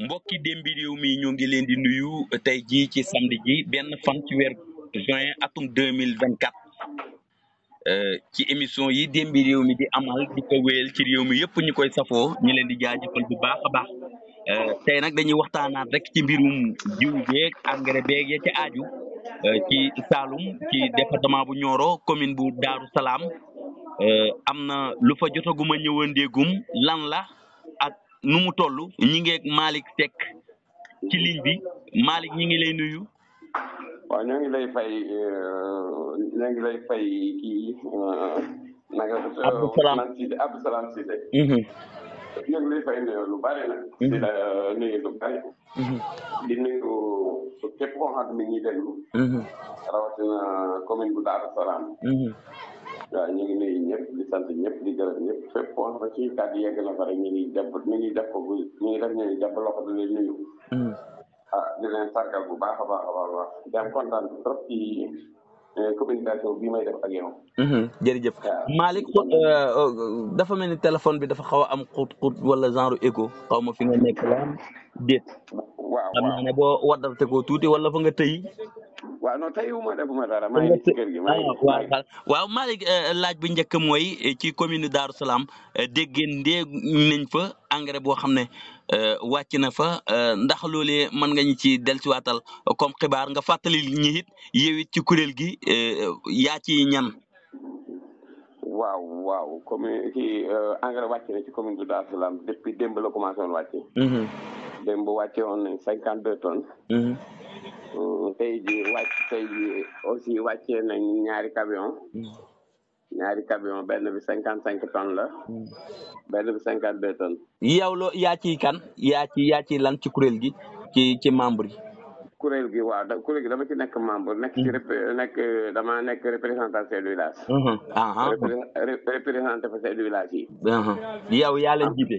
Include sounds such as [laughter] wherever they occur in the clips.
mbokki démbi réew mi ñu ngi leen di nuyu tey jii ci samedi ji benn fan ci weer juin atum deux mille vingt quatre euh, ci émission yi démbi réew mi di amal di ko wéyal ci réew mi yëpp ñu koy safoo ñu leen di jaajëfal bu baax a baax euh, tey nag dañuy waxtaanaat rek ci mbirum jiw beeg engrais beeg ya ca aaju euh, ci Saloum ci département bu Nioro commune bu Daaru Salaam am na lu fa jotaguma ñëwandeegum lan la ak nu mu toll ñi ngeeg Malick Seck ci ligne bi Malick ñi ngi lay nuyu. waaw ñoo ngi lay fay euh, ñoo ngi lay fay kii euh, naka. Abdou Salam Cissé Abdou Salam mhm. ñoo ngi lay fay mhm. euh, nuyu lu bari nag. di la nuyu lu bari. di nuyu képp koo xam ne mi ngi déglu. Mhm. rawatina commune bu Darou Salam. waaw ñu ngi nuyu ñëpp di sant ñëpp di gërëm ñëpp fépp foo xam ne suñu kàddu yegg na fa rek ñu ngi def ñu ngi def ko bu ñu ngi def ñu ngi def mm. ah baax a baax a baax a baax di am kontaan trop ci eh, communication bii may def ak yow. Mm-hmm. jërëjëf Malick euh, dafa mel téléphone bi dafa xaw a am xut xut wala genre écho xaw ma fi nga nekk la déet. waaw waaw xam naa ne boo ko tuuti wala fa nga tëy. waaw non tey wu dara maa ah, ngi ci waaw Malick euh, laaj bu njëkk mooy eh, ci commune Darou Salaam euh, dégg ngeen nañ fa engrais boo xam ne euh, wàcc na fa ndax loole mën nga ñu ci dellusiwaatal comme xibaar nga fàttali ñi it ci kuréel gi yaa ci ñan. waaw waaw commune kii engrais wàcc na ci commune du Darou Salaam depuis démb la commencé woon wàcce. Mm-hmm. démb wàcce woon nañ cinquante deux tonnes mhm. mm, te ji wàcc tey ji aussi wàccee nañ ñaari camion mhm. ñaari camion benn bi cinquante cinq tonnes la mhm. benn bi cinquante deux tonnes yow loo yaa ciy kan yaa ci lan ci kuréel gi ci ci membre yi kuréel gi waaw da kuréel gi dama ci nekk membre nekk ci nekk dama nekk représentant chef du village ah, ah. représenté fa chef yi yow yaa leen jiite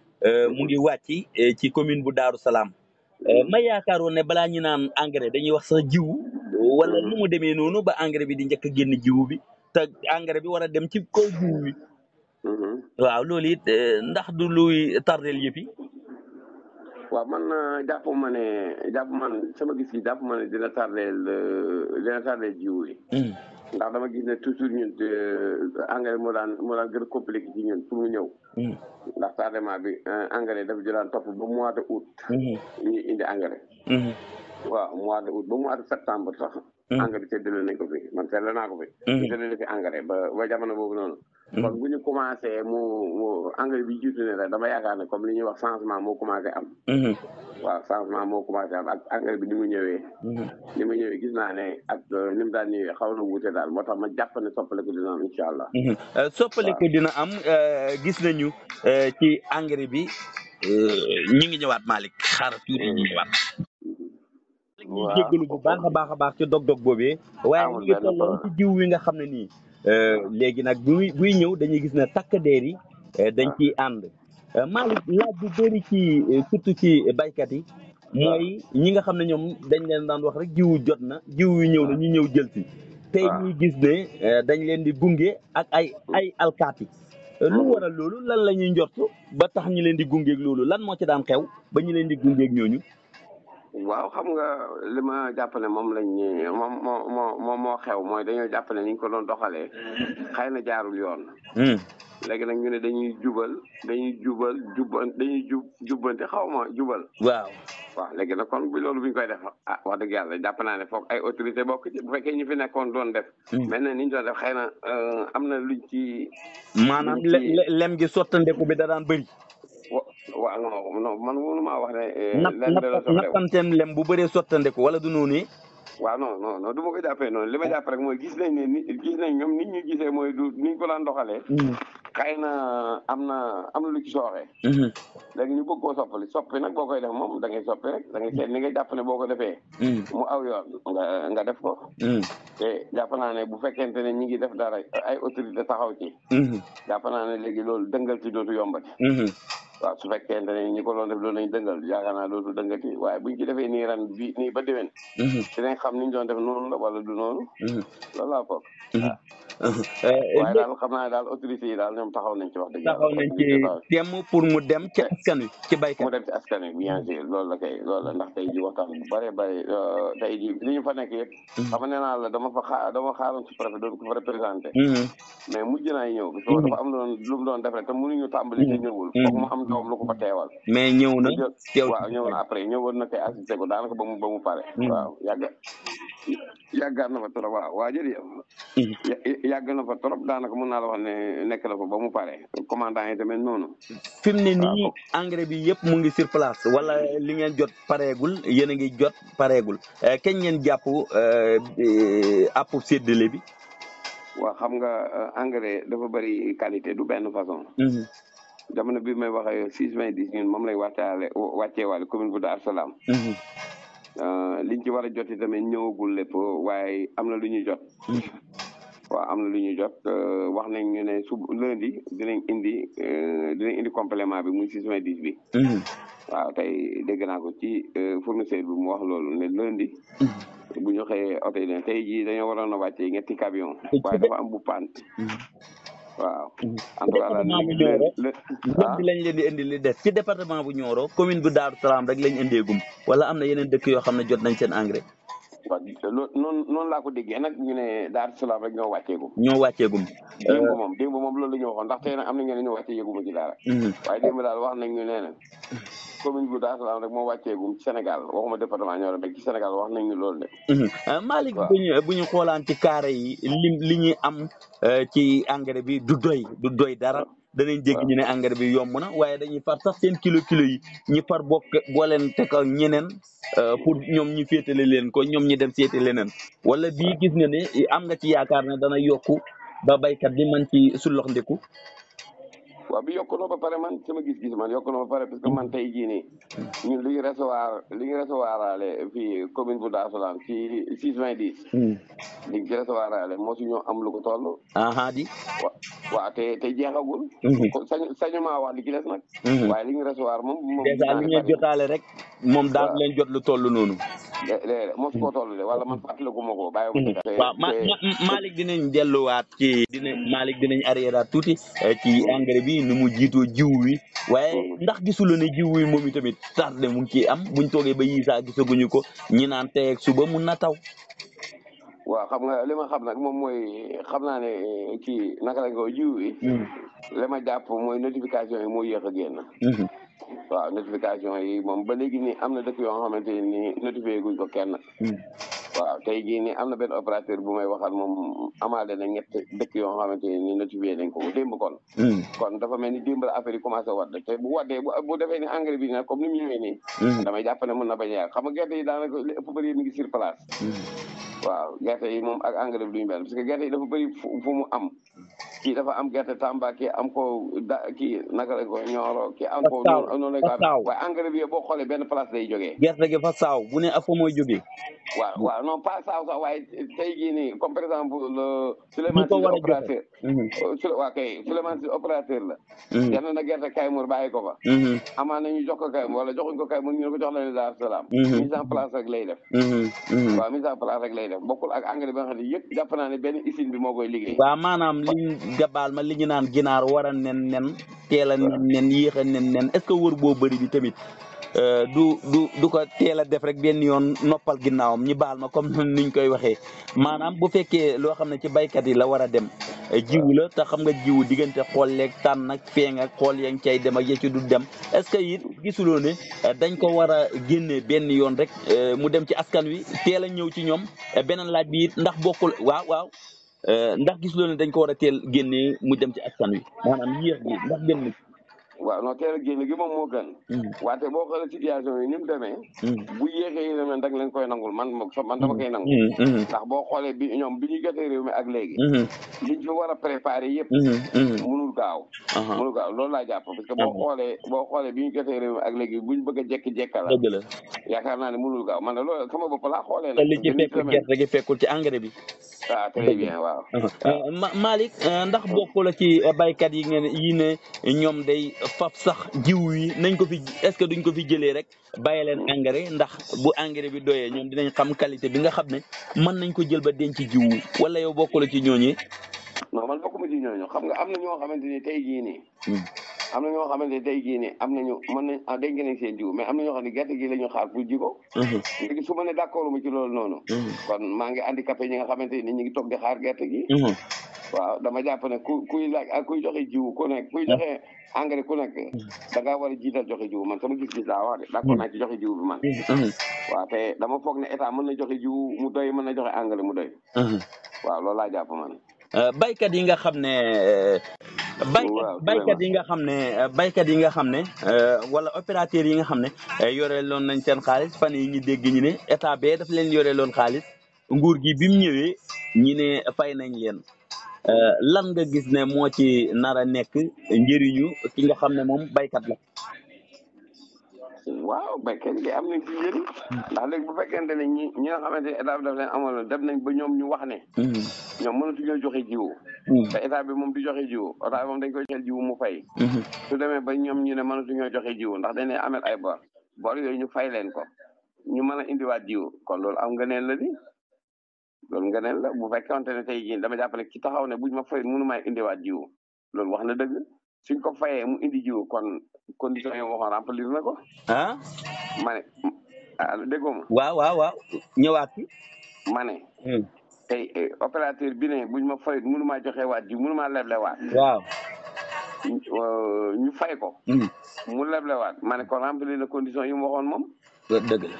Euh, mu ngi wàcc euh, ci commune bu Daaru Salaam euh, ma yaakaaroon ne balaa ñu naan engrais dañuy wax sax jiwu wala nu mu demee noonu ba engrais bi di njëkk a génn jiwu bi te engrais bi war a dem ci ko jiwu bi mhm. waaw loolu it ndax du luy tardel yëpp waaw man jàpp ma ne jàpp man sama gis gi jàpp ma ne dina tardeel dina tardeel jiwu yi ndax dama gis ne toujours ñun engrais moo daan moo gën a compliqué ci ñun pour mu ñëw. Mm-hmm. ndax tardement bi engrais euh, dafa jëlaan topp ba mois de août. Mm-hmm. ñu indi engrais. Mm-hmm. waaw mois de août ba mois de septembre sax. engrais seddale nañ ko fi man seddale naa ko fi. seddale fi engrais ba ba jamono boobu noonu. Hmm. kon bu ñu commencé mu mu engrais bi jiitu ne la dama yaakaar ne comme li ñuy wax changement moo commencé am. Hmm. waaw changement moo commencé am ak engrais bi ni mu ñëwee. Hmm. ni mu ñëwee gis naa ne ak euh, ni mu daan ñëwee daal moo tax ma jàpp ne soppaliku dina am incha allah. Euh, waaw soppaliku dina am euh, gis nañu ci engrais bi ñu ngi ñëwaat Malick xaaral tuuti ñu ñu jéggalu a baax a baax ci dog-dog boobee. waaye ngi tolloon ci jiw wi nga xam ne nii. Euh, léegi nag buy buy ñëw dañuy gis ne takk deer yi euh, dañ ciy ànd euh, Malick laaj bu bëri ci surtout ci baykat yi mooy ñi nga xam ne ñoom dañ leen daan wax rek jiw jot na jiw yu ñëw na ñu ñëw jël si tey ah. ñuy gis ne dañ leen di gunge ak ay ay alkaati lu hmm. waral loolu lan la ñuy njort ba tax ñu leen di gungeeg loolu lan moo ci daan xew ba ñu leen di gungeeg ñooñu waaw xam nga li ma jàpp moom lañ moom moo moo moo xew mooy dañoo jàpp niñ ko doon doxalee mm. xëy na jaarul yoon. Mm. léegi nag ñu ne dañuy jubal dañuy jubal jubban dañuy jub jubbante xaw ma jubal. waaw waaw léegi na kon loolu bu ñu koy def a ah, wax dëgg yàlla jàpp naa ne foog ay autorité bokk ci bu fekkee ñu fi nekkoon doon def. Mm. mel na ni ñu doon def xëy na euh, am na luñ ci. maanaam lem gi sottandeku bi da daan bëri. waaw non non man mënu maa wax ne. Eh, nappanteem lem bu bëree sottandeku wala du noonu waaw non non non du ma ko li ma jàpp rek mooy gis nañ ne ni gis nañ ñoom nit ñu gisee mooy du ni ñu ko daan doxalee. Mm-hmm. xëy na am na am na lu ci sooxee. Mm-hmm. léegi ñu bëgg koo soppali soppi nag boo koy def moom da ngay soppi rek da ngay seet ni nga jàpp ne boo ko defee. Mm-hmm. mu aw yoon nga def ko. jàpp naa ne bu fekkente ne ñi ngi def dara ay autorité taxaw ci. jàpp naa ne léegi loolu dëngal ci dootu yombati. waaw su fekkee ne ñi ko doon def loolu lañ dëngal yaakaar naa loolu dëngati waaye buñ ci defee nii bi nii ba déwén. Mhm. dinañ xam ni doon def noonu la mhm. mhm. eh, eh, yi daal ñoom taxaw nañ ci wax dëgg taxaw nañ mu dem ci eh, askan wi ci baykat mu dem ci askan wi bien la kay loolu la ndax tey bu bëree bëri euh, tey ji ñu fa nekk yëpp xam ne naa la dama fa xaa dama xaaroon su préfet doon ko lu mu doon def rek te mënuñu foog mu am ñoom lu ko fa teewal. mais ñëw na teew waaw ñëw na après ñëwoon na kay assisté ko daanaka ba mu ba mu pare. Hmm. waaw yàgg yàggaat na fa trop waaw waa jërëjëf. Hmm. yàgg na fa trop daanaka mën naa la wax ne nekk na fa ba mu pare commandant yi tamit noonu. fi mu ne nii engrais bi yëpp mu ngi sur place wala li ngeen jot pareegul yéen a ngi jot pareegul euh, kañ ngeen jàpp euh, àpp séddale bi. waaw xam nga euh, engrais dafa bëri qualité du benn façon. Hmm. jamono bii may wax ak yow 6 mai moom lay wàccaale wàcceewaale commune bu Darou Salaam. Mm-hmm. Euh, liñ ci war a jot tamit ñëwagul lépp waaye am na lu ñuy jot. Mm-hmm. waaw am na lu ñuy jot euh, wax nañ ñu ne sub lundi dinañ indi euh, dinañ indi complément bi muy 6 mai 10 bi. Mm-hmm. waaw tey dégg naa ko ci fournisseur bi mu wax loolu ne lundi. bu ñu xëyee oto tey jii dañoo waroon a wàccee ñetti camion waaye dafa am bu waaw en tout cas daal bi ah? lañ leen di indi li des ci département bu Nioro commune bu daar Salaam rek lañ indeegum wala am na yeneen dëkk yoo xam ne jot nañ seen engrais waaw noonu noonu laa ko déggee nag ñu ne Daaru Salaam rek ñoo wàcceegum. ñoo wàcceegum. démb moom démb moom lool la ñu waxoon ndax tey nag am na ñu ne ñoo wàcceegum ci dara. Mm-hmm. waaye démb daal wax nañ ñu ne nag commune bu Daaru Salaam rek moo wàcceegum Sénégal waxuma département Nioro rek ci Sénégal wax na ñu loolu de. Mm-hmm. Euh, waaw Malick bu bu ñu xoolaan ci carré yi lim li ñuy am euh, ci engrais bi du doy du doy dara. Ah. danay jégg ñu ne engrais bi yomb na waaye dañuy far sax seen kilo kilo yi ñi far bokk booleen te ka ñeneen euh, pour ñoom ñu féetale leen ko ñoom ñi dem seeti leneen wala bii gis nga ne am nga ci yaakaar ne dana yokku ba baykat bi man ci sullox ndiku wa bi yokku ba pare man sama gis-gis man yokku na ba pare parce que man tey jii nii ñun li ñu recevoir li ñu recevoir aale fii commune bu Darou Salam ci six vingt dix hmm. li ñu ci recevoir aale moo su ñoo am lu ko toll aha di wa waaw te te jeexagul hmm. sañ sañu maa wax li ci des nag hmm. waaye jotaale rek moom daan leen jot lu toll noonu. léeg-léeg mosu koo toll de wala man fàttaliku ma ko bàyyi ko. waaw ma Malick dinañ delluwaat ci dina Malick dinañ arrière tuuti eh, ci engrais bi nu mu jiitoo jiw wi waaye mm-hmm. ndax gisuloo ne jiw wi moom itamit tardé mu ngi ciy am buñ toogee ba yii saa gisaguñu ko ñi naan tey ak suba mun na taw. waaw xam nga li ma xam nag moom mooy xam naa ne eh, kii naka la ko jiw wi. Mm-hmm. li ma jàpp mooy notification yi moo yéex a génn. Mm-hmm. waaw notification yi moom ba léegi nii am na dëkk yoo xamante ni notifié guñ ko ken hmm. waaw te jii nii am na benn opérateur bu may waxal moom amaale na ñett dëkk yoo xamante ni notifié nañ ko démb kon. Hmm. kon mel ni démb la affaire yi commencé wadd te bu waddee bu defee ni engrais bi nag comme ni mu ñëwee nii. Hmm. damay jàpp ne mën na bañ a yàgg gerte yi daanaka li ëpp bëri mi sur place. waaw gerte yi moom ak engrais bi duñu benn parce que gerte yi dafa bëri fu mu am. kii dafa am gerte Tamba kii am ko da kii naka am ko noonu waaye engrais boo xoolee benn place lay jógee gerte gi fa saaw bu a fa joge jógee waaw waaw non pas saaw sax waaye tey jii nii comme par exemple le Souleymane Sy opérateur mhm. euh, su waa kay Souleymane Sy opérateur la mhm. yal na gerte Kaymour bàyyi ko fa mhm. amaan nañu jox ko Kaymour wala joxuñ ko Kaymour ñu ne ko jox la Daaru Salaam mise en place rek lay def waaw mise en place rek lay def bokkul ak engrais bi nga xam ne yëpp jàpp naa ne benn usine bi moo koy liggéey nga baal ma li ñu naan ginaar war a nen nen teel a nen nen yéex a nen nen est-ce que wër boo bëri bi tamit euh, du du du ko teel a def rek benn yoon noppal ginnaawam ñi baal ma comme [laughs] ñu koy waxee maanaam bu fekkee loo xam ne ci baykat yi la war a dem euh, jiwu la te xam nga jiwu diggante xolleeg tànn ak feeñ ak xool yaa cay dem ak ya ci du dem est-ce que it gisuloo ne euh, dañ ko war a génne benn yoon rek mu dem ci askan wi teel a ñëw ci ñoom beneen laaj bi it ndax bokkul Euh, ndax gis loolu dañ ko war a teel génnee mu dem ci askan wi maanaam yéex gi ndax génn waaw non teel a génn gi moom moo gën. Hmm. wante boo xoolee situation yi ni mu demee. Hmm. bu yéexee yi a préparé yëpp. mënul hmm. gaaw. mënul gaaw loolu laa jàpp parce que boo ah ñu jotee réew mi ak léegi buñ bëgg a jékki la. dëgg la yaakaar ne mënul gaaw man de loolu sama bopp laa xoolee. te li ci fekkul gerte bi. ah très bien waaw. Ah. Euh, Malick euh, ndax bokk ci euh, baykat yi yi ne ñoom day fab sax jiw wi nañ ko fi est ce que duñ ko fi jëlee rek bàyyi leen engrais ndax bu engrais bi doyee ñoom dinañ xam qualité bi nga xam ne mën nañ ko jël ba denc jiw wala yow bokkula ci ñooñu. non man bokkuma ci ñooñu xam nga am na ñoo xamante ni tey jii nii. Hmm. am na ñoo xamante ne tey jii nii am nañu mën nañ ah denc nañ seen jiw mais am na ñoo xam ne gerte gi la ñu xaar pour ji ko. Hmm. léegi su ma ne d'accord ma ci loolu noonu. Hmm. kon maa ngi handicapé ñi nga xamante ni ñu ngi toog di xaar gerte gi. waaw dama jàpp ne ku uh, kuy laaj ak kuy joxe jiw ku nekk kuy joxe engrais ku nekk da ngaa war a jiital joxe jiw man sama gis-gis laa wax de d'accord naa ci joxe jiw bi man waaw te dama foog ne état mën na joxe jiw mu uh, doy mën na joxe engrais mu doy waaw loolu laa jàpp man baykat yi nga xam ne baykat yi nga xam ne baykat yi nga xam ne wala opérateur yi nga xam ne uh, yore nañ seen xaalis fan yi ñu dégg ñu ne état bee daf leen yore xaalis nguur gi bi mu ñëwee ñi ne fay nañ leen Euh, lan nga gis ne moo ci nara nekk njëriñu ki nga xam ne moom baykat la. waaw béykat bi am nañ ci njëriñ hmm. ndax léegi bu fekkente ne ñi nga xamante ne état bi daf leen amoon dem nañ ba ñoom ñu wax ne hmm. ñoom mënatuñoo joxe jiw hmm. te état bi moom du joxe jiw état moom dañ koy joxeel jiw mu fay su demee ba ñoom ñu ne mënatuñoo joxe jiw ndax dañ leen amel ay bor bor yooyu ñu fay leen ko ñu mën a indiwaat jiw kon loolu am nga neen la di loolu nga la bu fekkonte ne tey jii dama jàpp ne ki taxaw ne buñ ma fay mënu maa indiwaat jiw loolu wax na dëgg suñ ko fayee mu indi jiw kon condition yi waxoon remplir na ko. ah. ma ne ah déggoo ma. waaw waaw waaw ñëwaat ma ne. Hmm. tey eh, opérateur bi ne buñ ma fay mënu maa joxe waat jiwu mënu maa leblewaat. Euh, ñu fay ko. Hmm. mu leblewaat ma ne kon remplir na condition yi mu waxoon moom. dëgg la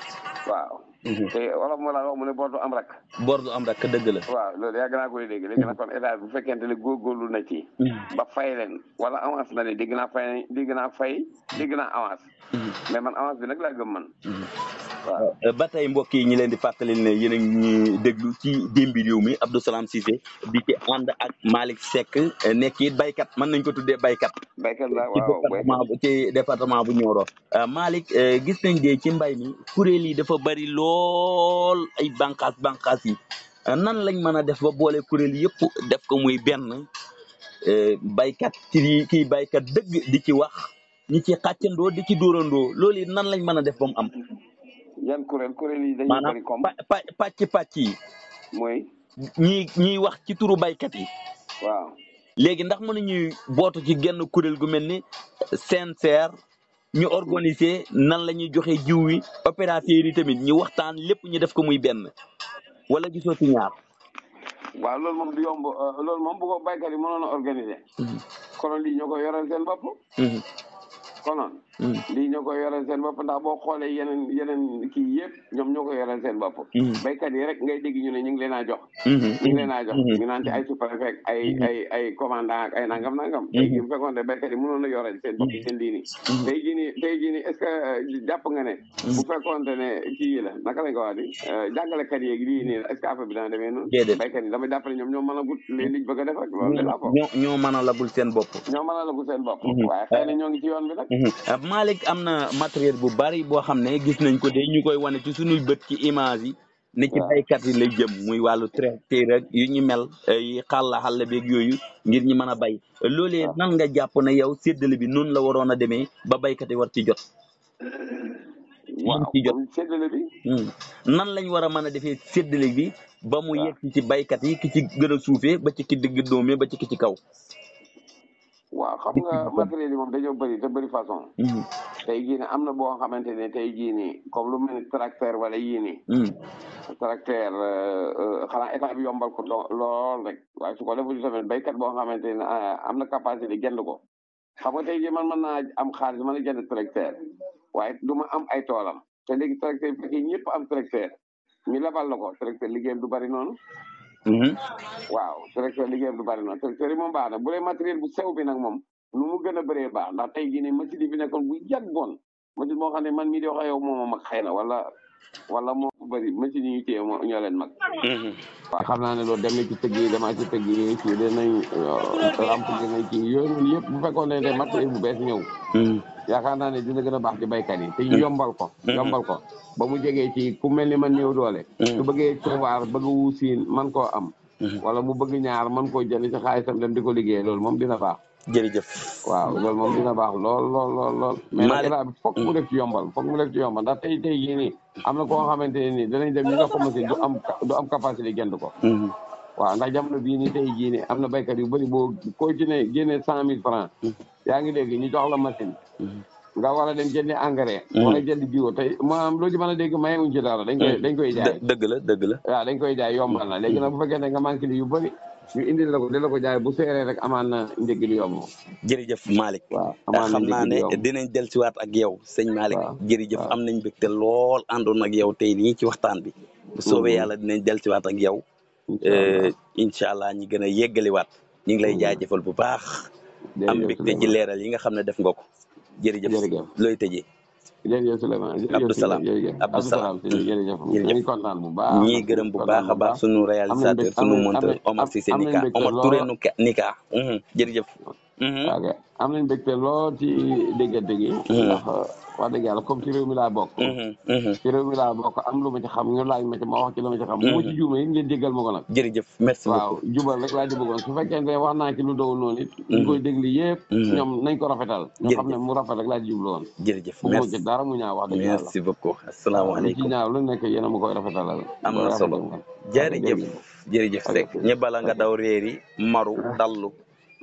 waaw. Mhm. te wala moo laan wax mu ne bor am rakk bor du am rakk dëgg la waaw loolu yàgg naa koy dégg léegi nag kon état bu fekkente ne góorgóorlu na ci mhm. ba fay leen wala avance na ne dégg naa fay dégg naa fay dégg naa avance mhm. mais man avance bi nag laa gëm man waaw euh, ba tey mbokk yi ñi leen di fàttali ne yéen a ngi déglu ci démbi réew mi Abdou Salam di ci ànd ak Malick sekk euh, nekk it baykat mën nañ ko tuddee baykat baykat la waaw ci département bu Nioro euh, Malick gis nañ de ci mbay mi kuréel yi dafa bari lool ay bànqaas bànqaas yi nan lañ mën a def ba boole kuréel yëpp def ko muy benn baykat ci kii baykat dëgg di ci wax ñi ci xàccandoo di ci dóorandoo loolu it nan lañ mën a def ba mu am yan kuréel kuréel yi dañuy bëri comme maanaam pacc pàcc yi. mooy. ñiy ñiy wax ci turu baykat yi. waaw léegi ndax mën nañuy bootu ci genn kuréel gu mel ni CNCR. ñu organiser nan la ñuy joxe jiw wi opérateur yi tamit ñu waxtaan lépp ñu def ko muy benn wala gisoo ci ñaar. waaw loolu moom du euh, loolu moom bu ko baykat yi mënoon a organiser. Mm-hmm. konoon lii ñoo ko yoreel seen bopp. Mm-hmm. konoon. Mm. lii ñoo ko yoreel seen bopp ndax boo xoolee yeneen yeneen kii yëpp ñoom ñoo ko yoreel seen bopp mm. béykat yi rek ngay dégg ñu ngi leen a jox ñu ngi leen a jox mm-hmm. mm-hmm. ñu naan ci ay ay mm-hmm. ay ay commandant ak ay nangam nangam léegi bu fekkoon ne béykat a yoreel seen bopp seen lii nii tey jii nii tey jii euh, ne bu fekkoon ne kii la naka lañ ko wax di euh, jàngalekat yeeg lii yi dama jàpp ne ñoom ñoo mën a gut leen bëgg a def ak loolu de la bopp ñoo waaye xëy na euh, ñoo ngi ci yoon bi nag Pape am na matériel bu bari boo xam ne gis nañ ko de ñu koy wane ci sunuy bët ci image yi ne ci baykat yi la jëm muy wàllu tracteur ak yu ñu mel yi xàlla xàlla beeg yooyu ngir ñu mën a bay loolee nan nga jàpp ne yow séddale bi noonu la waroon a demee ba baykat yi war ci jot war ci jot séddale bi hmm. nan lañ war a mën a defee séddale bi ba mu yegg ci baykat yi ki ci gën a suufee ba ci ki digg dóomee ba ci ki ci kaw waaw xam nga matériel yi moom dañoo bëri te bëri façon. Mm-hmm. tey jii ne am na boo xamante ne tey jii nii comme tracteur mel ni tracteur wala yii nii. Mm-hmm. tracteur euh, euh, xanaa état bi yombal ko lool rek waaye su ko defee lu tamit béykat boo xamante ne euh, am na capacité jënd ko xam nga tey jii man mën naa am xaalis mën a jënd tracteur waaye du ma am ay toolam te léegi tracteur bi ñëpp am tracteur ñu lebal la ko tracteur liggéeyam du bëri noonu. Mm-hmm. waaw tracteur liggéeyam du bari noonu tracteur yi moom baax na bu dee matériel bu sew bi nag moom nu mu gën a baax ndax te jii ne machine bi fi nekkoon bu yàggoon machine moo xam ne man mii di wax ak yow moom a xëy na wala wala mu bari machine yi ñu téye moo ñoo leen mag. Mm-hmm. waaw xam naa ne loolu dem na ci tëgg yi damaa ci tëgg yi kii dinañ lamp euh, dinañ kii yooyu yëpp bu fekkoon ne de matériel bu bees ñëw. Mm-hmm. yaakaar naa ne dina gën a baax ci baykat yi te ñu mm-hmm. yombal ko. yombal ko ba mu jegee ci ku mel ni man néew doole. su bëggee pouvoir bëgg wuusin man koo am. wala mu bëgg ñaar man koo jënd ci xaalisam dem di ko liggéey loolu moom dina baax. jërëjëf waaw loolu moom dina baax lool lool lool lool mais nag bi foog mu def ci yombal foog mu def ci yombal ndax tey tey jii am na koo xamante ne nii danañ dem ñu nga commencé du am du am capacité gend ko mm-hmm. waaw ndax jamono bii nii tey jii am na béykat yu bëri boo koo ci génne cent mille franc mm-hmm. yaa ngi dégg ñu jox la machine mm-hmm. nga war a dem jëndi engrais wala jëndi jiwo tey maanaam loo ci mën a dégg mayewuñ ci dara dañ koy jaay dëgg la dëgg la waaw koy jaay yombal na léegi nag bu fekkee ne nga manqué li yu bëri ñu indi la ko di la ko jaay bu seeree rek amaan na njëg lu yomb. jërëjëf Malick. waaw eh, amaan na naa ne dinañ dellusiwaat ak yow sëñ Malick. jërëjëf am nañ mbégte lool àndoon ak yow tey nii ci waxtaan bi. bu soobee mhm. yàlla dinañ dellusiwaat ak yow. incha eh, allah ñi gën a yeggaliwaat. ñu ngi lay mhm. jaajëfal bu baax. am mbégte ci leeral yi nga xam ne def nga ko. jërëjëf looy jërëjëf Souleymane Abdou Salam Abdou Salam jërëjëf ñii gërëm bu baax a baax sunu réalisateur sunu monteur Omar Cissé Nika Omar Touré Nika jërëjëf Mm-hmm. waaw am nañ mbégte lool ci déggante gi mm-hmm. ndax wax dëgg yàlla comme ci réew mi laa bokk mm-hmm. ci réew mi laa bokk am lu ma xam ñu laaj ma ci ma wax ci lu ma ci xam bu ma ci juumee ngeen jéggal ma nag jërëjëf merci waaw jubal rek laa ci bëggoon su fekkee wax naa ci lu dowul noonu it ñu koy déglu yëpp ñoom nañ ko rafetal ñu xam ne mu rafet rek laa ci jublu woon jërëjëf bu dara mu ñaaw wax dëgg yàlla merci beaucoup asalaamaaleykum ci ñaaw nekk yéen a ma koy rafetalal am na solo jërëjëf jërëjëf Seck ñëbbala nga daw réer yi maru dallu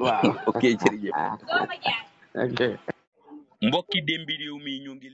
waaw [laughs] ok jërëjëf [laughs] ok mbokki démbi réew mi ñu ngi